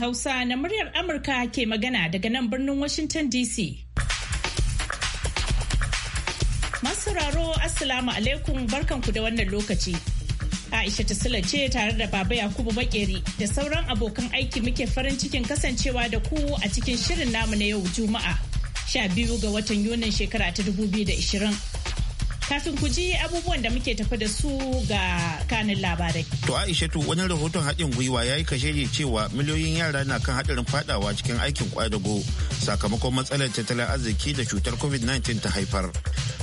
Hausa na muryar Amurka ke magana daga nan birnin Washington DC. sauraro Assalamu alaikum barkanku da wannan lokaci. Aisha Tasila ce tare da Baba Yakubu Bakeri da sauran abokan aiki muke farin cikin kasancewa da ku a cikin shirin namu na yau Juma'a. 12 ga watan Yunin shekara ta 2020. Kafin ku ji abubuwan da muke tafi da su ga kanin labarai. To Aishatu wani rahoton haɗin gwiwa ya yi kashiri cewa miliyoyin yara na kan haɗarin fadawa cikin aikin kwadago sakamakon matsalar tattalin arziki da cutar COVID-19 ta haifar.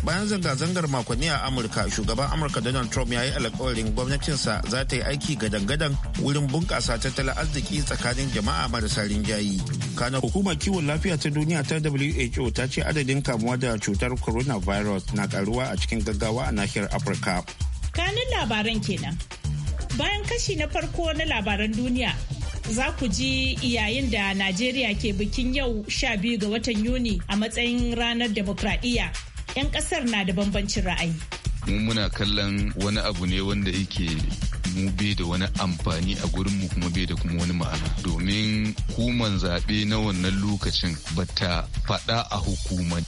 bayan zanga-zangar makonni a amurka shugaban amurka donald trump ya yi alkawarin gwamnatinsa za ta yi aiki gadan-gadan wurin bunƙasa tattalin arziki tsakanin jama'a marasa rinjaye kana hukumar kiwon lafiya ta duniya ta who ta ce adadin kamuwa da cutar coronavirus na karuwa a cikin gaggawa a nahiyar afirka kanin labaran kenan bayan kashi na farko na labaran duniya za ku ji yayin da najeriya ke bikin yau 12 ga watan yuni a matsayin ranar demokradiyya 'yan kasar na da bambancin ra'ayi. Mu muna kallon wani abu ne wanda yake mu bai da wani amfani a gurin mu kuma bai da kuma wani ma'ana domin hukumar zaɓe na wannan lokacin ba ta faɗa a hukumar.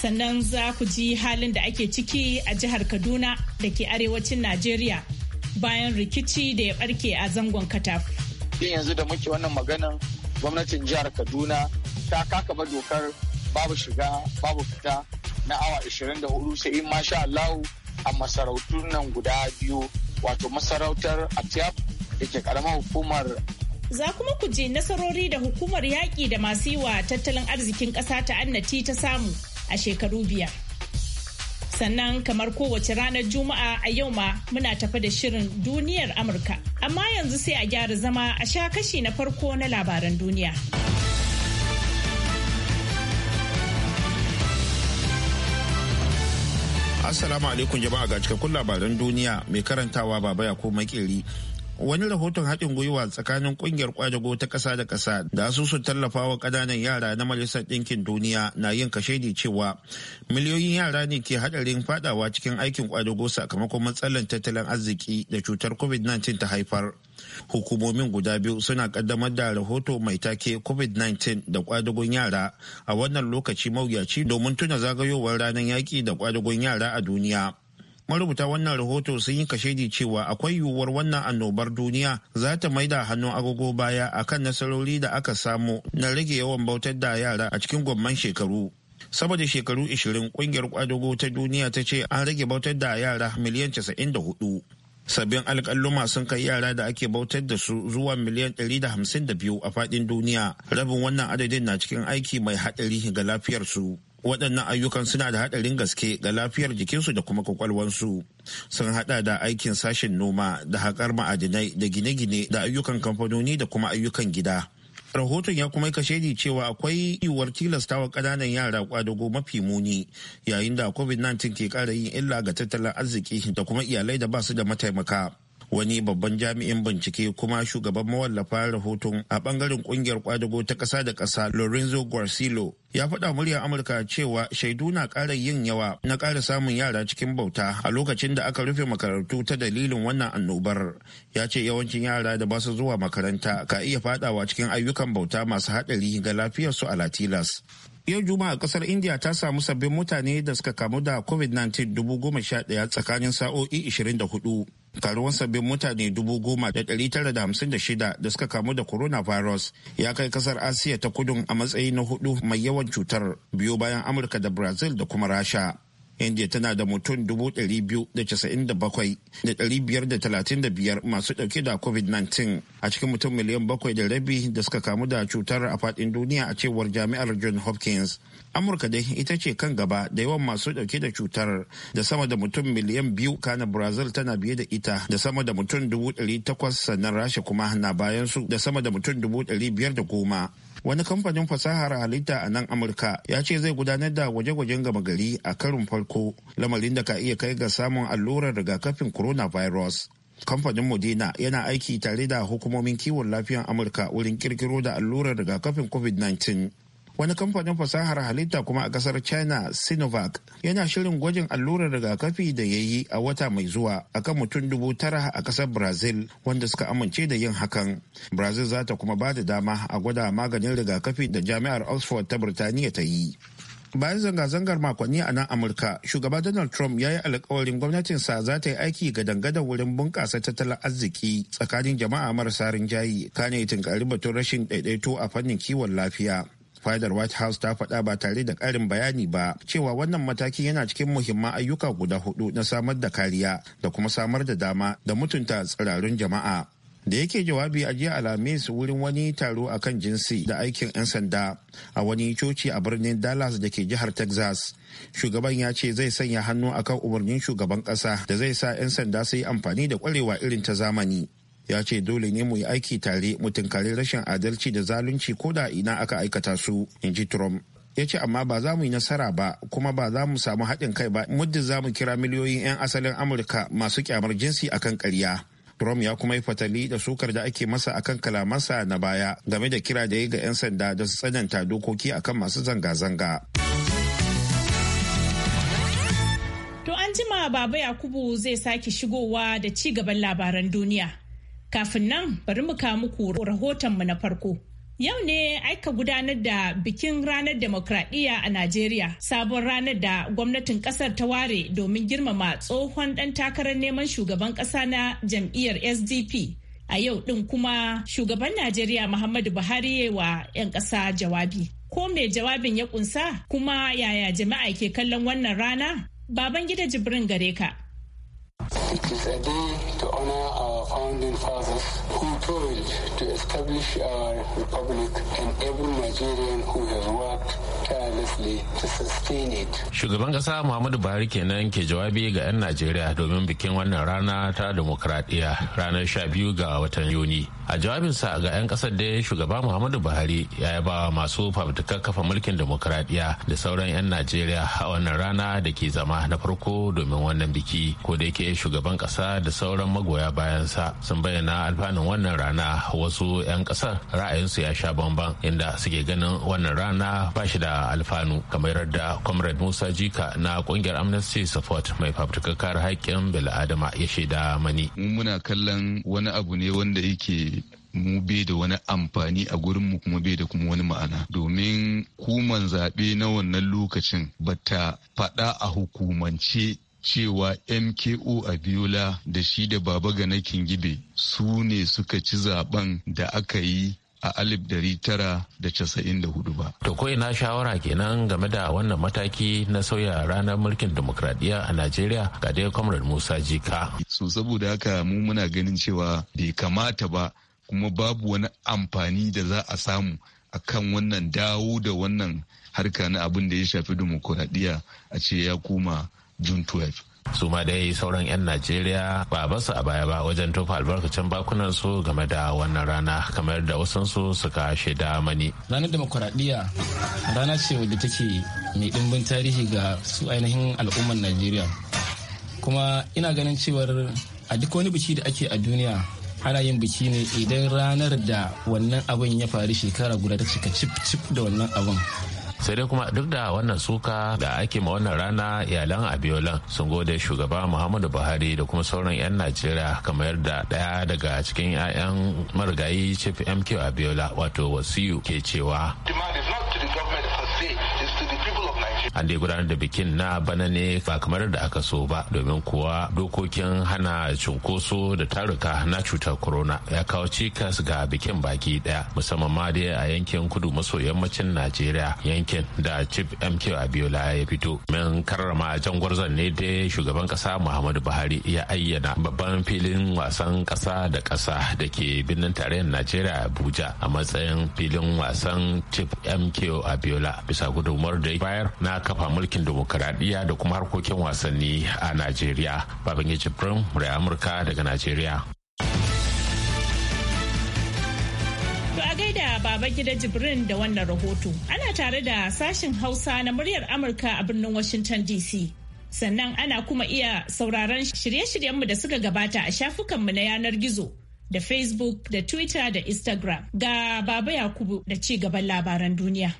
Sannan za ku ji halin da ake ciki a jihar Kaduna da ke arewacin Najeriya bayan rikici da ya ɓarke a zangon kataf. yanzu da muke wannan maganan gwamnatin jihar Kaduna ta kaka dokar babu shiga babu fita na awa 24 sai in masha Allah a masarautun nan guda biyu wato masarautar Atiyaf da ke karamar hukumar Za kuma ku je nasarori da hukumar yaƙi da masu yi wa tattalin arzikin ƙasa ta annati ta samu a shekaru biyar. Sannan kamar kowace ranar Juma'a a yau ma muna tafa da shirin duniyar Amurka. Amma yanzu sai a gyara zama a sha kashi na farko na labaran duniya. Assalamu alaikum jama'a ga cikakkun labaran duniya mai karantawa baba ya ko makeri. Wani rahoton haɗin gwiwa tsakanin ƙungiyar kwadago ta ƙasa da ƙasa da asusun tallafawa ƙananan yara na Majalisar Ɗinkin Duniya na yin kashedi cewa miliyoyin yara ne ke haɗarin faɗawa cikin aikin kwadago sakamakon matsalar tattalin arziki da cutar COVID-19 ta haifar. hukumomin guda biyu suna kaddamar da rahoto mai take covid-19 da kwadagon yara a wannan lokaci mawuyaci domin tuna zagayowar ranar yaƙi da kwadagon yara a duniya marubuta wannan rahoto sun yi kashedi cewa akwai yiwuwar wannan annobar duniya za ta maida hannun agogo baya akan nasarori da aka samu na rage yawan bautar da yara a cikin gwamman shekaru saboda shekaru 20 kungiyar kwadago ta duniya ta ce an rage bautar da yara miliyan 94 sabbin alƙalluma sun kai yara da ake bautar da su zuwa miliyan 152 a faɗin duniya rabin wannan adadin na cikin aiki mai haɗari ga lafiyarsu waɗannan ayyukan suna da haɗarin gaske ga lafiyar jikinsu da kuma kwakwalwansu sun haɗa da aikin sashen noma da haƙar ma'adinai da gine-gine da ayyukan kamfanoni da kuma ayyukan gida rahoton ya kuma kashe ni cewa akwai yiwuwar tilastawa kananan yara kwadago mafi muni yayin da covid-19 ke kara yin illa ga tattalin arziki da kuma iyalai da ba su da mataimaka wani babban jami'in bincike kuma shugaban mawallafa rahoton a bangaren kungiyar kwadago ta ƙasa da ƙasa lorenzo guarcillo ya faɗa muryar amurka cewa shaidu na ƙara yin yawa na ƙara samun yara cikin bauta a lokacin da aka rufe makarantu ta dalilin wannan annobar ya ce yawancin yara da ba su zuwa makaranta ka iya faɗawa cikin ayyukan bauta masu haɗari ga lafiyarsu a latilas yau juma'a kasar india ta samu sabbin mutane da suka kamu da covid-19 dubu goma sha ɗaya tsakanin sa'o'i 24 karuwan sabbin mutane dubu goma da ɗari tara da hamsin da shida da suka kamu da coronavirus ya kai kasar asiya ta kudun a matsayi na hudu mai yawan cutar biyu bayan amurka da brazil da kuma rasha india tana da mutum 297,535 masu dauke da covid-19 a cikin mutum miliyan bakwai da rabi da suka kamu da cutar a fadin duniya a cewar jami'ar john hopkins amurka dai ita ce kan gaba da yawan masu dauke da cutar da sama da mutum miliyan biyu kana brazil tana biye da ita da sama da mutum 800,000 sannan rasha kuma na bayan su da sama da mutum goma. wani kamfanin fasahar halitta a nan amurka ya ce zai gudanar da gwaje-gwajen gama gari a karin farko lamarin da ka iya kai ga samun allurar rigakafin coronavirus kamfanin modena yana aiki tare da hukumomin kiwon lafiyan amurka wurin kirkiro da allurar rigakafin covid-19 wani kamfanin fasahar halitta kuma a kasar china sinovac yana shirin gwajin allurar rigakafi da ya yi a wata mai zuwa a kan mutum dubu tara a kasar brazil wanda suka amince da yin hakan brazil za ta kuma ba da dama a gwada maganin rigakafi da jami'ar oxford ta birtaniya ta yi bayan zanga-zangar makonni a nan amurka shugaba donald trump ya yi alkawarin gwamnatinsa za ta yi aiki ga dangadan wurin bunƙasa tattalin arziki tsakanin jama'a marasa rinjaye kane tunkari batun rashin daidaito a fannin kiwon lafiya fadar white house ta faɗa ba tare da ƙarin bayani ba cewa wannan matakin yana cikin muhimman ayyuka guda hudu na samar da kariya da kuma samar da dama da mutunta tsirarun jama'a da yake jawabi a jiya alhamis wurin wani taro a kan jinsi da aikin 'yan sanda a wani coci a birnin dallas da ke jihar texas shugaban ya ce zai sanya hannu akan umarnin shugaban kasa da zai sa 'yan sanda su yi amfani da kwarewa irin ta zamani ya ce dole ne mu yi aiki tare mu tunkari rashin adalci da zalunci ko da ina aka aikata su in ji trump ya ce amma ba za mu yi nasara ba kuma ba za mu samu haɗin kai ba muddin za mu kira miliyoyin 'yan asalin amurka masu kyamar jinsi akan ƙarya Trump ya kuma yi fatali da sukar da ake masa akan kalamansa na baya game da kira da ya ga 'yan sanda da su tsananta dokoki akan masu zanga-zanga. To an Baba Yakubu zai sake shigowa da ci gaban labaran duniya. Kafin nan bari mu kawo muku mu na farko. Yau ne aika gudanar da bikin ranar demokradiyya a Najeriya, sabon ranar da gwamnatin kasar ta ware domin girmama tsohon ɗan takarar neman shugaban ƙasa na jam'iyyar SDP. A yau ɗin kuma shugaban Najeriya Muhammadu Buhari wa 'yan ƙasa jawabi. Ko mai jawabin ya kunsa kuma yaya jama'a ke kallon wannan rana? Baban gida Jibrin gare ka. honor our founding fathers who toiled to establish our republic and every Nigerian who has worked tirelessly to sustain it. Shugaban kasa Muhammadu Buhari kenan ke jawabi ga 'yan Najeriya domin bikin wannan rana ta demokradiyya ranar biyu ga watan Yuni. A jawabinsa ga 'yan kasar da shugaba Muhammadu Buhari ya bawa masu fafutukar kafa mulkin demokradiyya da sauran 'yan Najeriya a wannan rana da ke zama na farko domin wannan biki ko da yake shugaban kasa da sauran bayan sa sun bayyana alfanun wannan rana wasu 'yan kasar ra'ayinsu ya sha bamban inda suke ganin wannan rana ba shi da alfanu kamar da comrade musa jika na kungiyar amnesty support mai fafutukar haƙƙin bil'adama ya shaida mani muna kallon wani abu ne wanda yake mu bai da wani amfani a gurin mu kuma bai da kuma wani ma'ana domin kuman zaɓe na wannan lokacin bata faɗa a hukumance cewa mko abiola da shi da baba gana kingibe su ne suka ci zaben da aka yi a alif dari tara da casa'in da hudu ba. To ko ina shawara kenan game da wannan mataki na sauya ranar mulkin demokradiyya a Najeriya ga dai Comrade Musa Jika. So saboda haka mu muna ganin cewa bai kamata ba kuma babu wani amfani da za a samu akan wannan dawo da wannan harka na abin da ya shafi demokradiyya a ce ya koma june 12 su ma dai sauran 'yan najeriya ba a basu a baya ba wajen tofa albarkacin bakunan su game da wannan rana kamar da wasansu suka shaida mani ranar demokuraɗiyya rana ce wadda take mai ɗimbin tarihi ga su ainihin al'ummar najeriya kuma ina ganin cewar a duk wani biki da ake a duniya ana yin biki ne idan ranar da wannan abin ya faru shekara guda ta cika cif cif da wannan abin sai dai kuma duk da wannan suka da ake ma wannan rana iyalan abiola sun gode shugaba muhammadu buhari da kuma sauran 'yan najeriya kamar da daya daga cikin 'ya'yan marigayi chief mq abiola wato wasiyu ke cewa an dai gudanar da bikin na bana ne ba kamar da aka so ba domin kuwa dokokin hana cunkoso da taruka na cutar corona ya kawo cikas ga bikin baki daya musamman ma dai a yankin kudu maso yammacin najeriya yankin yankin da chief mk abiola ya fito min karrama gwarzon ne dai shugaban kasa muhammadu buhari ya ayyana babban filin wasan kasa da kasa da ke birnin tarayyar najeriya abuja a matsayin filin wasan chief mk abiola bisa gudunmuwar da ya bayar na kafa mulkin dimokuraɗiyya da kuma harkokin wasanni a najeriya babangiji prim murai amurka daga najeriya A baba gida jibrin da wannan rahoto ana tare da sashin hausa na muryar amurka a birnin washington dc sannan ana kuma iya sauraron shirye-shiryenmu da suka gabata a shafukanmu na yanar gizo da facebook da twitter da instagram ga baba yakubu da ci gaban labaran duniya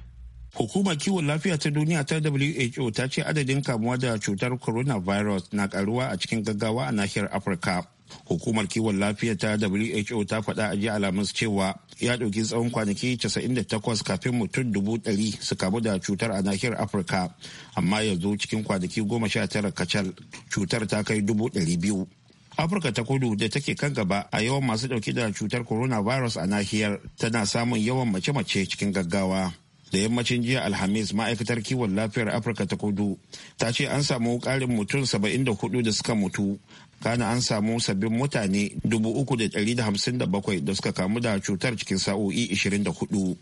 Hukumar kiwon lafiya ta duniya ta WHO ta ce adadin kamuwa da cutar coronavirus na karuwa a cikin gaggawa a nahiyar Afirka. Hukumar kiwon lafiya ta WHO ta faɗa a jiya Alhamis cewa ya ɗauki tsawon kwanaki 98 kafin mutum dubu ɗari su kamu da cutar a nahiyar afirka amma yanzu cikin kwanaki goma sha tara kacal cutar ta kai dubu ɗari biyu afirka ta kudu da take kan gaba a yawan masu ɗauki da cutar coronavirus a nahiyar tana samun yawan mace-mace cikin gaggawa da yammacin jiya alhamis ma'aikatar kiwon lafiyar afirka ta kudu ta ce an samu karin mutum 74 da suka mutu kana an samu sabbin mutane 357 da suka kamu da cutar cikin sa'o'i 24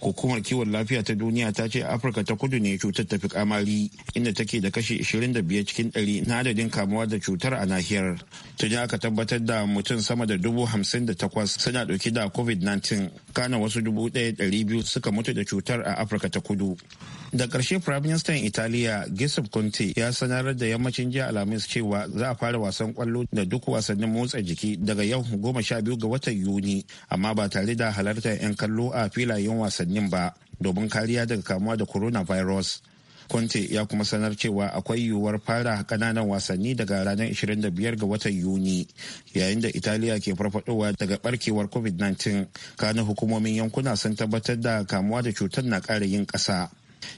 hukumar kiwon lafiya ta duniya ta ce afirka ta kudu ne cutar tafi kamari inda take da kashi 25 cikin 100 na adadin kamuwa da cutar a nahiyar tuni aka tabbatar da mutum sama da dubu suna dauke da covid-19 kana wasu dubu biyu suka mutu da cutar a afirka ta kudu da ƙarshe minister italiya gisab conte ya sanar da yammacin jiya alhamis cewa za a fara wasan kwallo da duk wasannin motsa jiki daga yau goma sha biyu ga watan yuni amma ba tare da halartar 'yan kallo a filayen wasannin ba domin kariya daga kamuwa da coronavirus conte ya kuma sanar cewa akwai yiwuwar fara kananan wasanni daga ranar 25 ga watan yuni yayin da italiya ke farfadowa daga barkewar covid-19 kana hukumomin yankuna sun tabbatar da kamuwa da cutar na kara yin ƙasa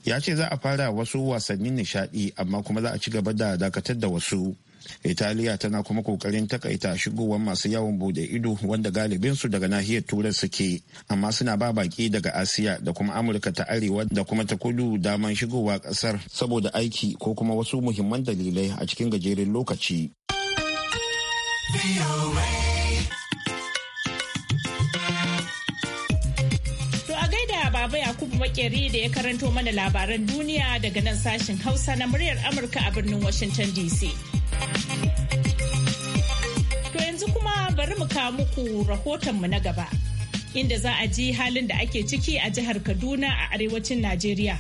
ya ce za a fara wasu wasannin nishadi amma kuma za a ci gaba da dakatar da wasu italiya tana kuma kokarin takaita shigowar masu yawon bude ido wanda galibin su daga nahiyar turai suke amma suna ba baki daga asiya da kuma amurka ta arewa da kuma ta kudu daman shigowa kasar saboda aiki ko kuma wasu muhimman dalilai a cikin gajeren lokaci. Makeri da ya karanto mana labaran duniya daga nan sashen Hausa na muryar Amurka a birnin Washington DC. To yanzu kuma bari mu kawo muku rahotonmu na gaba, inda za a ji halin da ake ciki a jihar Kaduna a arewacin Najeriya.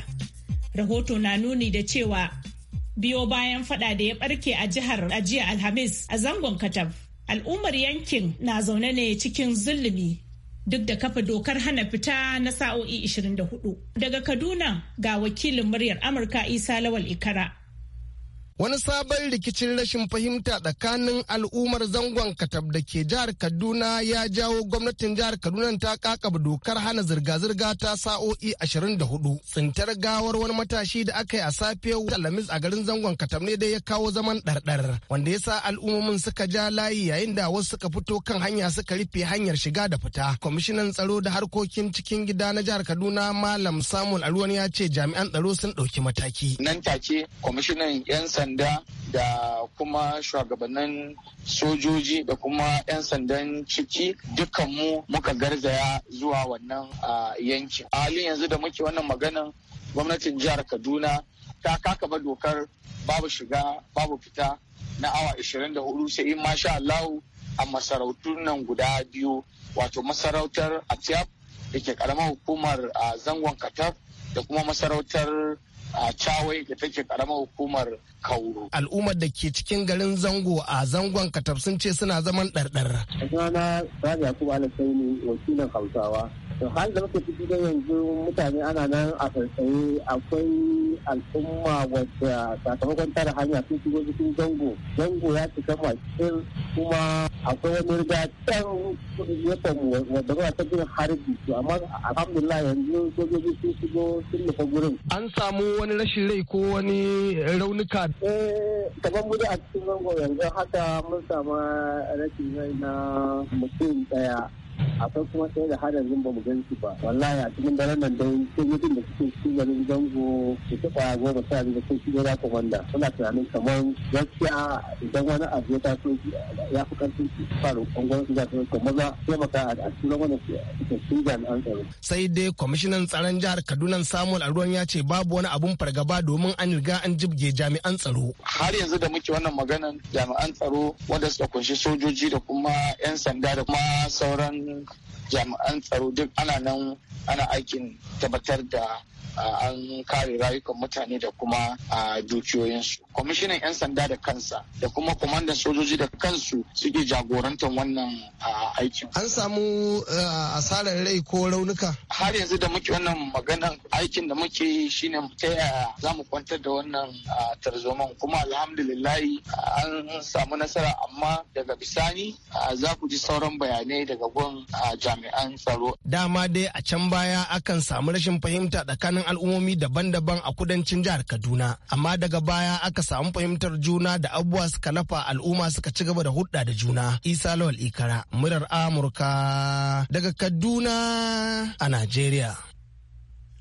Rahoto na nuni da cewa biyo bayan fada da ya barke a jihar ajiya Alhamis a zangon Katab. Al'ummar yankin na zaune ne cikin zulumi duk da kafa dokar hana fita na sa'o'i 24. Daga Kaduna ga wakilin muryar Amurka Isa Lawal Ikara wani sabon rikicin rashin fahimta tsakanin al'ummar zangon katab da ke jihar kaduna ya jawo gwamnatin jihar kaduna ta kakaba dokar hana zirga-zirga ta sa'o'i 24 tsintar gawar wani matashi da aka yi a safe Lamis a garin zangon katab ne dai ya kawo zaman ɗarɗar wanda ya sa al'ummomin suka ja layi yayin da wasu suka fito kan hanya suka rufe hanyar shiga da fita kwamishinan tsaro da harkokin cikin gida na jihar kaduna malam samuel aruwan ya ce jami'an tsaro sun ɗauki mataki nan take kwamishinan 'yan sanda da kuma shugabannin sojoji da kuma 'yan sandan ciki dukkanmu muka garzaya zuwa wannan yankin. A halin yanzu da muke wannan maganan gwamnatin jihar Kaduna ta kaka ba dokar babu shiga babu fita na awa 24 sai in sha Allahu a masarautun nan guda biyu wato masarautar Atiyaf da ke karamar hukumar zangon Katar da kuma masarautar a cawai da take karamar hukumar kauro. Al'ummar da ke cikin garin zango a zangon katab sun ce suna zaman ɗarɗar. Sunana Rabi Yakubu Alasai ne wakilin Hausawa. To hal da muke ciki da yanzu mutane ana nan a sarsaye akwai al'umma wadda sakamakon tara hanya sun shigo cikin zango. Zango ya cika makin kuma akwai wani riga can samu wadda ba ta bin harbi. Amma alhamdulillah yanzu sojoji sun shigo sun nufa gurin. An samu wani rashin rai ko wani raunuka? eh Kaban mu a cikin zango yanzu haka mun samu rashin rai na mutum ɗaya akwai kuma ɗaya da hada zin ba mu gan shi ba wallahi a cikin daren nan dai sai mutum da suke cikin garin zango su ta ba goma sha biyu da shi da wanda suna tunanin kamar gaskiya idan wani abu ya taso ya fi ƙarfin su faru ɓangaren su za kuma za maza taimaka a cikin wani su jami'an tsaro. sai dai kwamishinan tsaron jihar kaduna samuel aruwan ya ce babu wani abun fargaba domin an riga an jibge jami'an tsaro. har yanzu da muke wannan maganan jami'an tsaro wanda suka kunshi sojoji da kuma 'yan sanda da kuma sauran jami'an tsaro duk ana nan ana aikin tabbatar da ah, an kare rayukan mutane da kuma ah, dukiyoyinsu kwamishinan 'yan sanda da kansa da kuma kwamandan sojoji da kansu suke jagorantar wannan aikin. An samu asarar rai ko raunuka? Har yanzu da muke wannan maganan aikin da muke shine ta yaya za mu kwantar da wannan tarzoman kuma alhamdulillahi an samu nasara amma daga bisani za ku ji sauran bayanai daga gun jami'an tsaro. Dama dai a can baya akan samu rashin fahimta tsakanin al'ummomi daban-daban a kudancin jihar Kaduna amma daga baya aka suka samu fahimtar juna da abubuwa suka lafa al'umma suka ci gaba da hudda da juna isa lawal ikara murar amurka daga kaduna a najeriya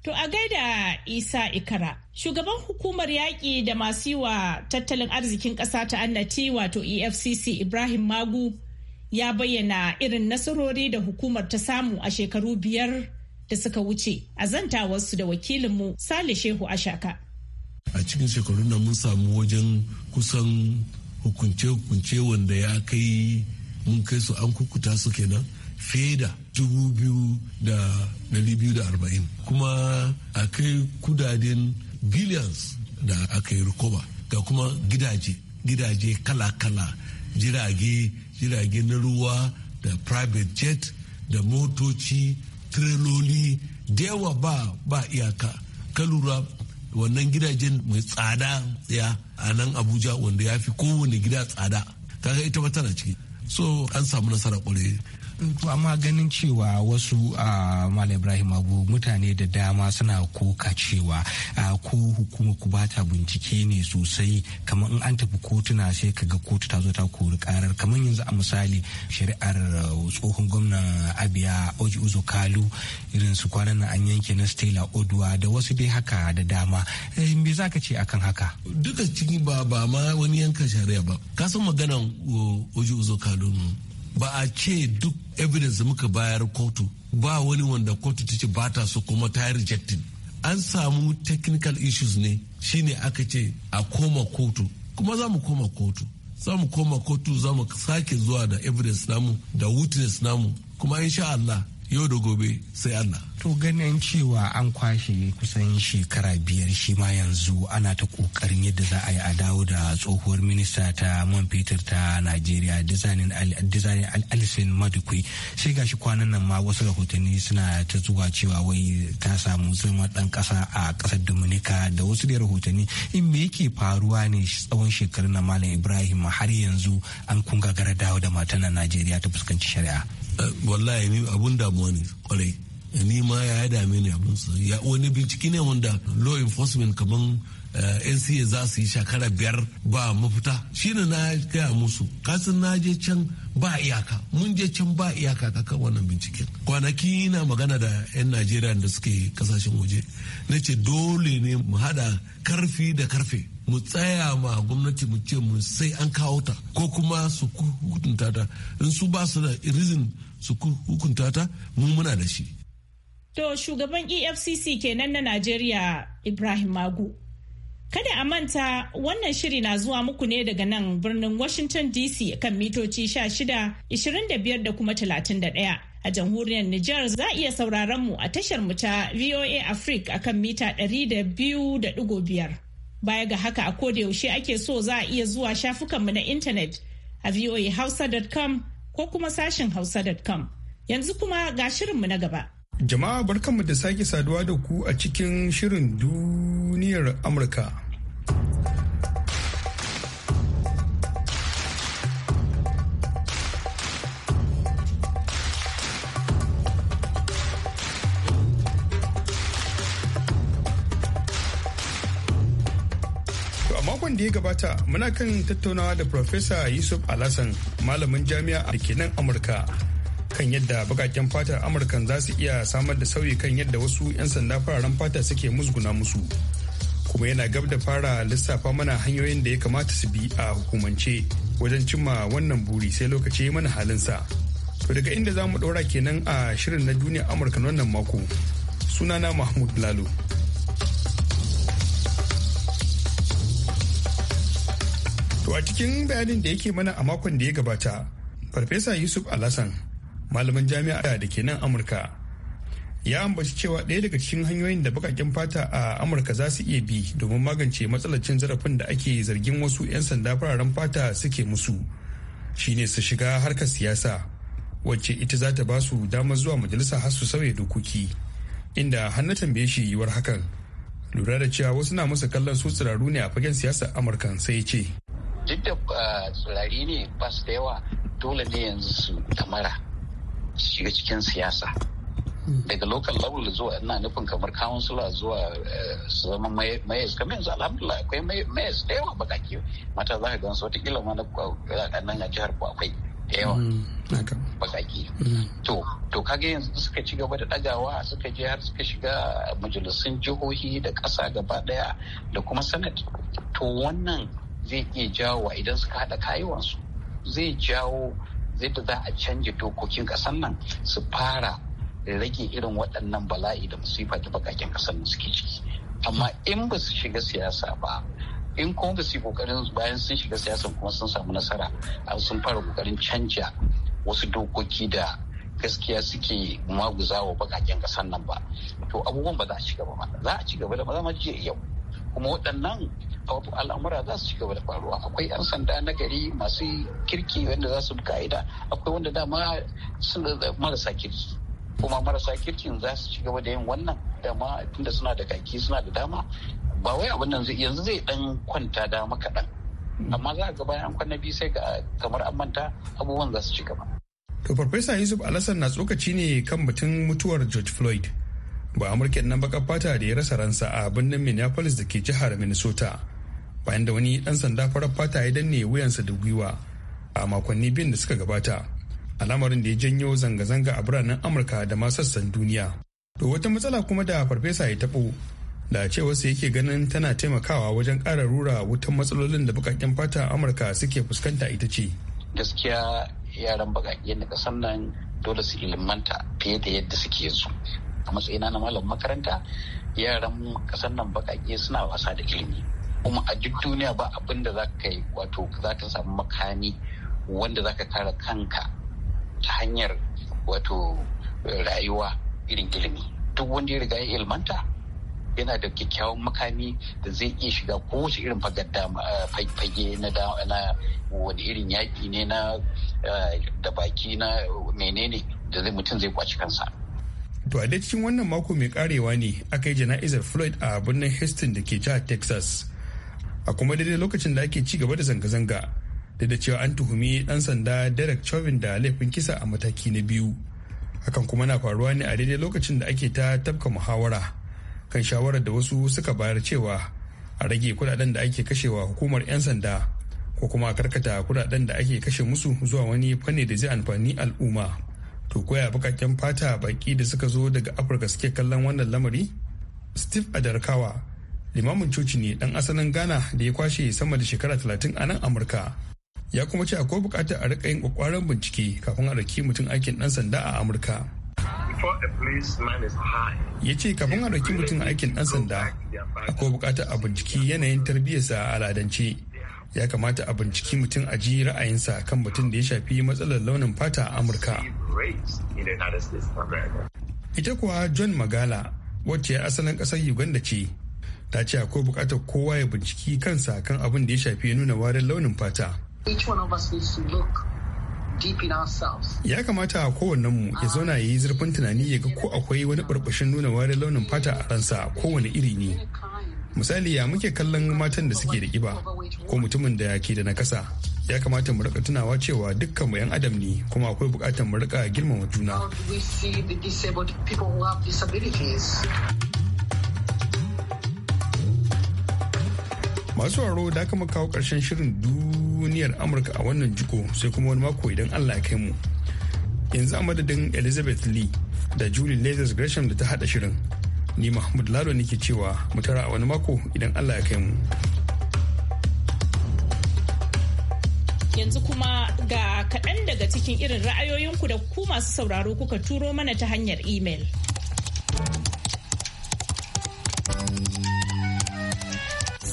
To a gaida Isa Ikara, shugaban hukumar yaƙi da masu wa tattalin arzikin ƙasa ta annati wato EFCC Ibrahim Magu ya bayyana irin nasarori da hukumar ta samu a shekaru biyar da suka wuce a zantawarsu da wakilinmu Sale Shehu Ashaka. a cikin shekarun nan mun samu wajen kusan hukunce-hukunce wanda ya kai mun kai su an kukuta su kenan feda da arba'in kuma a kai kudaden billions da aka yi rikoba ga kuma gidaje gidaje kala-kala jirage jirage na ruwa da private jet da motoci treloli da yawa ba ba iyaka ka lura wannan gidajen mai tsada ya a nan abuja wanda ya fi kowane gida tsada kaga ita ma tana ciki so an samu nasara kwarai to amma ganin cewa wasu a mala ibrahim abu mutane da dama suna koka cewa ko hukuma ku ba ta bincike ne sosai kamar in an tafi kotuna sai ka ga kotu ta zo ta kori karar kamar yanzu a misali shari'ar tsohon gwamnan abiya oji uzo kalu irin su kwanan nan an yanke na stella oduwa da wasu dai haka da dama eh, me za ka ce akan haka duka ciki ba ba ma wani yanka shari'a ba ka san maganan oji uzo kalu ba a ce duk evidence muka bayar kotu ba wani wanda kotu ta ce ba ta so kuma ta yi rejected an samu technical issues ne shine aka ce a koma kotu kuma za mu koma kotu za mu koma kotu za mu sake zuwa da evidence namu da witness namu kuma insha Allah yau da gobe sai Allah. To ganin cewa an kwashe kusan shekara biyar shi ma yanzu ana ta kokarin yadda za a yi a dawo da tsohuwar minista ta man fetur ta Najeriya Dizanin Alison Madukwe sai gashi kwanan nan ma wasu rahotanni suna ta zuwa cewa wai ta samu zama dan kasa a kasar Dominica da wasu da rahotanni in me yake faruwa ne tsawon shekarun na Malam Ibrahim har yanzu an kunga gara dawo da matan Najeriya ta fuskanci shari'a. wallahi ni abun damuwa ne kwarai ni ma ya dame ne abun su ya wani bincike ne wanda law enforcement kaman eh, NCA za su yi shakara biyar ba mafita shine na gaya musu kasan na je can ba iyaka mun je can ba iyaka kan wannan binciken kwanaki na magana da 'yan najeriya da suke kasashen waje na ce dole ne mu hada karfi da karfe mu tsaya ma gwamnati mu ce mu sai an kawo ta ko kuma su hukunta ta in su ba su da reason su hukunta ta mu muna da shi to shugaban efcc kenan na najeriya ibrahim magu Kada a manta wannan shiri na zuwa muku ne daga nan birnin Washington DC kan mitoci 16, 25 da kuma 31. A jamhuriyar Nijar za a iya sauraron mu a tashar mu ta VOA Africa akan mita 200.5. Baya ga haka a koda yaushe ake so za a iya zuwa shafukanmu na intanet a voahausa.com ko kuma sashin hausa.com. Yanzu kuma ga shirinmu na gaba. Jama'a barkanmu da sake saduwa da ku a cikin shirin duniyar Amurka. da ya gabata muna kan tattaunawa da Profesa Yusuf Alasan malamin jami'a a ke nan Amurka kan yadda bakaken fatar Amurkan za su iya samar da sauyi kan yadda wasu 'yan sanda fararen fata suke musguna musu. Kuma yana gab da fara lissafa mana hanyoyin da ya kamata su bi a hukumance wajen cimma wannan buri sai lokaci mana halinsa. To daga inda za mu ɗora kenan a shirin na duniya Amurka wannan mako. Sunana Mahmud Lalo. To a cikin bayanin da yake mana a makon da ya gabata, Farfesa Yusuf Alasan, malamin jami'a da ke nan Amurka, ya ambaci cewa ɗaya daga cikin hanyoyin da bakakin fata a amurka za su iya bi domin magance matsalar cin zarafin da ake zargin wasu 'yan sanda fararen fata suke musu shine su shiga harkar siyasa wacce ita za ta ba su damar zuwa majalisa har su sauya dokoki inda har na tambaye shi yiwuwar hakan lura da cewa wasu na musu kallon su tsirarru ne a fagen siyasar amurka sai ya ce duk da ah, tsirari ne ba su da yawa dole ne yanzu su kamara su shiga cikin siyasa daga local level zuwa ina nufin kamar kansula zuwa eh, su zama mayas kamar yanzu alhamdulillah akwai mayas da yawa ke mata za ka gan su kila ma na a jihar ku akwai da yawa bakake mm, mm. to to kage yanzu suka ci gaba da dagawa suka je har suka shiga majalisun jihohi da ƙasa gaba daya da kuma sanat to wannan zai iya jawo wa idan suka haɗa kayuwansu zai jawo yadda za a canja dokokin ƙasar nan su fara rage irin waɗannan bala'i da musifa da bakakin ƙasar nan suke ciki amma in ba su shiga siyasa ba in kuma ba su yi ƙoƙarin bayan sun shiga siyasa kuma sun samu nasara sun fara ƙoƙarin canja wasu dokoki da gaskiya suke maguzawa bakakin ƙasar nan ba to abubuwan ba za a ci gaba ba za a ci gaba da ma za ma yau kuma waɗannan al'amura za su ci gaba da faruwa akwai 'yan sanda na gari masu kirki wanda za su bi ka'ida akwai wanda dama marasa kirki kuma marasa kirkin za su ci gaba da yin wannan dama tunda suna da kaki suna da dama ba wai abin nan yanzu zai dan kwanta dama kaɗan amma za a ga bayan kwana biyu sai ga kamar an manta abubuwan za su ci gaba. To Farfesa Yusuf Alassan na tsokaci ne kan batun mutuwar George Floyd. ba amurken nan baka fata da ya rasa ransa a birnin minneapolis da ke jihar minnesota bayan da wani dan sanda farar fata ya danne wuyansa da gwiwa a makonni biyun da suka gabata al'amarin da ya janyo zanga-zanga a biranen amurka da ma sassan duniya to wata matsala kuma da farfesa ya taɓo da cewarsa yake ganin tana taimakawa wajen ƙara rura wutan matsalolin da bukakin fata amurka suke fuskanta ita ce gaskiya yaran bakaƙe na ƙasar nan dole su ilimanta fiye da yadda suke su a matsayina na malam makaranta yaran kasar nan bakake suna wasa da ilimi kuma a duk duniya ba abin da za ka yi wato za samu makami wanda za ka kare kanka ta hanyar wato rayuwa irin ilimi duk wanda ya riga ya ilmanta yana da kyakkyawan makami da zai iya shiga kowace irin eh, fage na wani irin yaƙi ne na eh, da baki na menene da zai mutum zai kwaci kansa. To a dai cikin wannan mako mai karewa ne aka yi jana'izar Floyd a birnin Houston da ke jihar Texas. A kuma daidai lokacin da ake ci gaba da zanga-zanga, da cewa an tuhumi dan sanda Derek Chauvin da laifin kisa a mataki na biyu. Hakan kuma na faruwa ne a daidai lokacin da ake ta tafka muhawara kan shawarar da wasu suka bayar cewa a rage kudaden da ake kashewa hukumar 'yan sanda ko kuma a karkata kudaden da ake kashe musu zuwa wani fanni da zai amfani al'umma. to koya bakakken fata baki da suka zo daga afirka suke kallon wannan lamari steve adarkawa limamin coci ne dan asalin ghana da ya kwashe sama da shekara talatin a nan amurka ya kuma ce akwai bukatar a rika yin kwakwaran bincike kafin a raki mutum aikin dan sanda a amurka ya ce kafin a raki mutum aikin dan sanda akwai bukatar a binciki yanayin tarbiyyarsa a aladance ya kamata a binciki mutum a ji ra'ayinsa kan mutum da ya shafi matsalar launin fata a amurka Ita kuwa John Magala wacce asalin ƙasar Uganda ce ta ce akwai buƙatar kowa ya binciki kansa kan abin da ya shafi ya nuna warin launin fata. Ya kamata a kowannen mu ya zauna ya yi zurfin tunani ya ga ko akwai wani barbashin nuna warin launin fata a ransa kowane iri ne. misali ya muke kallon matan da suke da kiba ko mutumin da ke da nakasa ya kamata mu rika tunawa cewa dukkan mu yan adam ne kuma akwai bukatar mu rika girmama juna masu waro da aka kawo karshen shirin duniyar amurka a wannan jiko sai kuma wani mako idan allah ya kai mu yanzu a madadin elizabeth lee da julie lazarus gresham da ta hada shirin ni mahmud lalo nake cewa mutara a wani mako idan allah ya kai mu yanzu kuma ga kaɗan daga cikin irin ra'ayoyinku da ku masu sauraro kuka turo mana ta hanyar imel.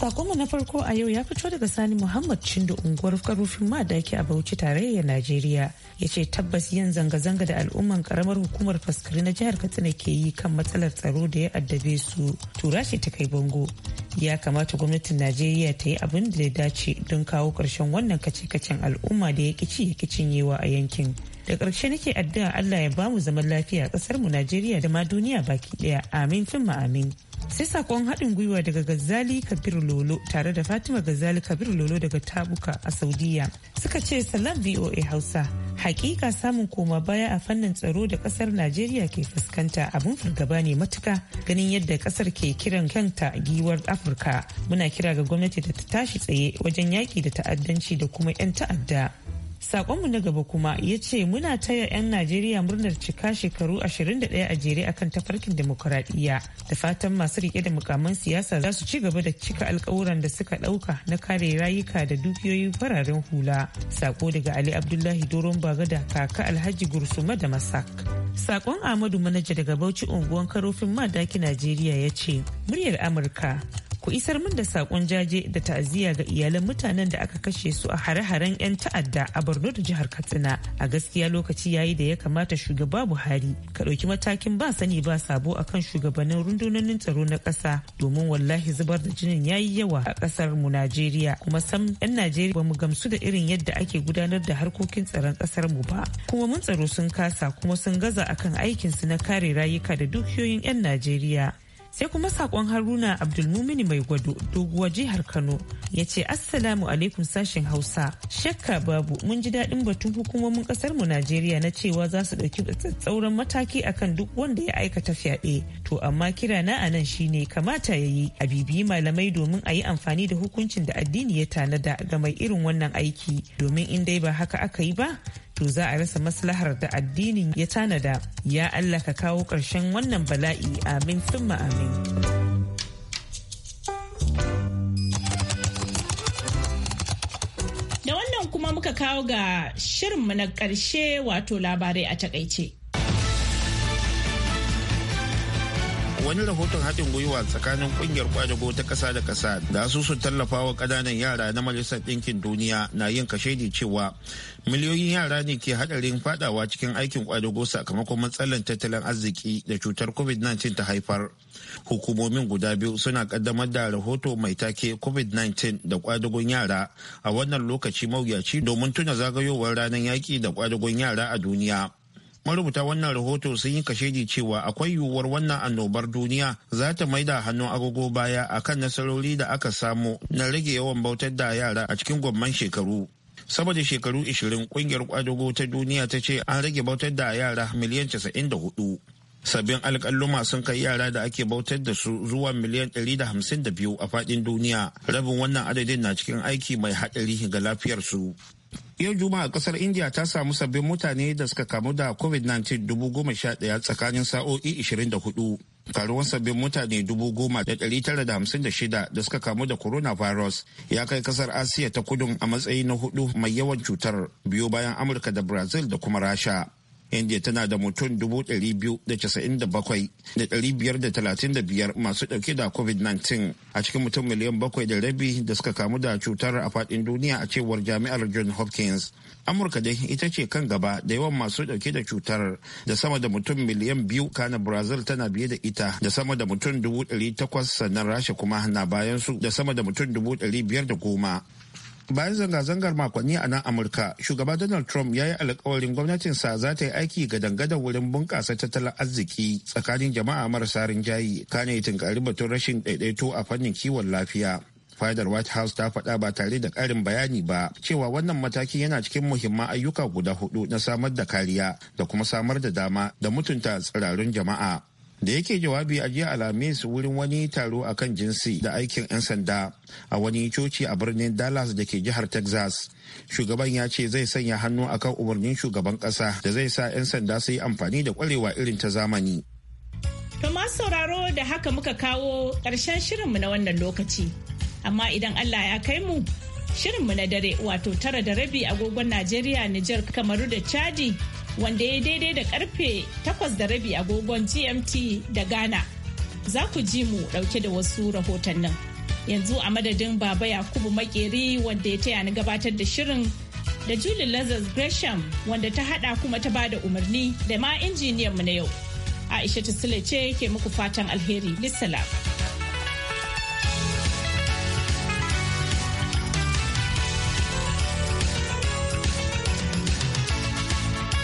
Sakonmu na farko a yau ya fito daga Sani Muhammad Chindo unguwar karufin madaki a Bauchi tarayyar Najeriya. Ya ce tabbas yin zanga-zanga da al'umman karamar hukumar faskari na jihar Katsina ke yi kan matsalar tsaro da ya addabe su tura shi ta kai bango. Ya kamata gwamnatin Najeriya ta yi abin da ya dace don kawo karshen wannan kace-kacen al'umma da ya kici ya cinyewa a yankin. da ƙarshe nake addu'a Allah ya bamu zaman lafiya a ƙasar mu Najeriya da ma duniya baki ɗaya amin fin amin sai sakon haɗin gwiwa daga gazali kabir lolo tare da fatima gazali kabir lolo daga tabuka a saudiya suka ce salam voa hausa hakika samun koma baya a fannin tsaro da ƙasar najeriya ke fuskanta abin fargaba ne matuka ganin yadda ƙasar ke kiran kanta giwar afirka muna kira ga gwamnati da ta tashi tsaye wajen yaƙi da ta'addanci da kuma 'yan ta'adda Sakonmu na gaba kuma ya ce muna taya 'yan Najeriya murnar cika shekaru 21 a jere akan tafarkin demokuraɗiyya da fatan masu rike da mukaman siyasa za su ci gaba da cika alkawuran da suka ɗauka na kare rayuka da dukiyoyin fararen hula. Sako daga Ali Abdullahi Doron Bagada kaka Alhaji Gursuma da Masak. Sakon Amadu Manaja daga Bauchi unguwan Karofin Madaki Najeriya ya ce, muryar Amurka ku isar min da sakon jaje da ta'aziyya ga iyalan mutanen da aka kashe su a hare-haren 'yan ta'adda a Borno da jihar Katsina. A gaskiya lokaci yayi da ya kamata shugaba Buhari ka ɗauki matakin ba sani ba sabo akan shugabannin rundunonin tsaro na ƙasa domin wallahi zubar da jinin yayi yawa a ƙasar mu Najeriya kuma sam 'yan Najeriya ba mu gamsu da irin yadda ake gudanar da harkokin tsaron ƙasar mu ba. Kuma mun tsaro sun kasa kuma sun gaza akan aikinsu na kare rayuka da dukiyoyin 'yan Najeriya. sai kuma sakon haruna abdulmumini mai gwado doguwa jihar kano ya ce assalamu alaikum sashen hausa shakka babu mun ji daɗin batun hukumomin ƙasar mu najeriya na cewa za su ɗauki tsauran mataki akan duk wanda ya aikata fyaɗe to amma kira na anan shine kamata ya yi a bibiyi malamai domin a yi amfani da hukuncin da addini ya tanada ga mai irin wannan aiki domin in dai ba haka aka yi ba to za a rasa maslahar da addinin ya tanada ya Allah ka kawo ƙarshen wannan bala'i amin summa amin da wannan kuma muka kawo ga shirinmu na ƙarshe wato labarai a takaice. wani rahoton haɗin gwiwa tsakanin ƙungiyar kwadago ta ƙasa da ƙasa da asusun tallafawa ƙananan yara na majalisar ɗinkin duniya na yin kashedi cewa miliyoyin yara ne ke haɗarin faɗawa cikin aikin kwadago sakamakon matsalar tattalin arziki da cutar covid-19 ta haifar hukumomin guda biyu suna ƙaddamar da rahoto mai take covid-19 da kwadagon yara a wannan lokaci mawuyaci domin tuna zagayowar ranar yaƙi da kwadagon yara a duniya marubuta wannan rahoto sun yi kashedi cewa akwai yiwuwar wannan annobar duniya za ta maida hannun agogo baya akan nasarori da aka samu na rage yawan bautar da yara a cikin gwamman shekaru Saboda shekaru 20 kungiyar kwadago ta duniya ta ce an rage bautar da yara miliyan 94 sabbin alƙalluma sun kai yara da ake bautar da su zuwa miliyan 152 a faɗin duniya rabin wannan adadin na cikin aiki mai haɗari ga lafiyarsu yau juma'a kasar india ta samu sabbin mutane da suka kamu da covid-19 11 tsakanin sa'o'i 24 karuwan sabbin mutane 10,956 da suka kamu da coronavirus ya kai kasar asiya ta kudun a matsayi na hudu mai yawan cutar biyu bayan amurka da brazil da kuma rasha india tana da mutum 297,535 masu dauke da covid-19 a cikin mutum miliyan bakwai da rabi da suka kamu da cutar a fadin duniya a cewar jami'ar john hopkins amurka dai ita ce kan gaba da yawan masu dauke da cutar da sama da mutum miliyan biyu kana brazil tana biye da ita da sama da mutum 800 sannan rasha kuma na bayan su da sama da mutum 510 bayan zanga-zangar makonni a nan amurka shugaba donald trump ya yi alkawarin gwamnatinsa za ta yi aiki ga dangadan wurin bunƙasa tattalin arziki tsakanin jama'a marasa rinjayi kane tunkari batun rashin daidaito a fannin kiwon lafiya fadar white house ta faɗa ba tare da ƙarin bayani ba cewa wannan matakin yana cikin muhimman ayyuka guda hudu na samar da kariya da kuma samar da dama da mutunta tsirarun jama'a da yake jawabi a jiya alhamis wurin wani taro a kan jinsi da aikin 'yan sanda a wani coci a birnin dallas da ke jihar texas shugaban ya ce zai sanya hannu akan umarnin shugaban kasa da zai sa 'yan sanda su yi amfani da kwarewa irin ta zamani to masu sauraro da haka muka kawo ƙarshen shirinmu na wannan lokaci amma idan allah ya kai mu shirinmu na dare wato tara da rabi agogon najeriya nijar kamaru da chadi wanda ya daidai da karfe 8 da rabi agogon GMT da Ghana. Za ku ji mu dauke da wasu rahotannin. Yanzu a madadin Baba Yakubu Makeri wanda ya taya ni gabatar da shirin da Julie Lazarus Gresham wanda ta hada kuma ta bada umarni da ma injiniyan mu na yau. Aisha Sule ce ke muku fatan alheri. Lissalam.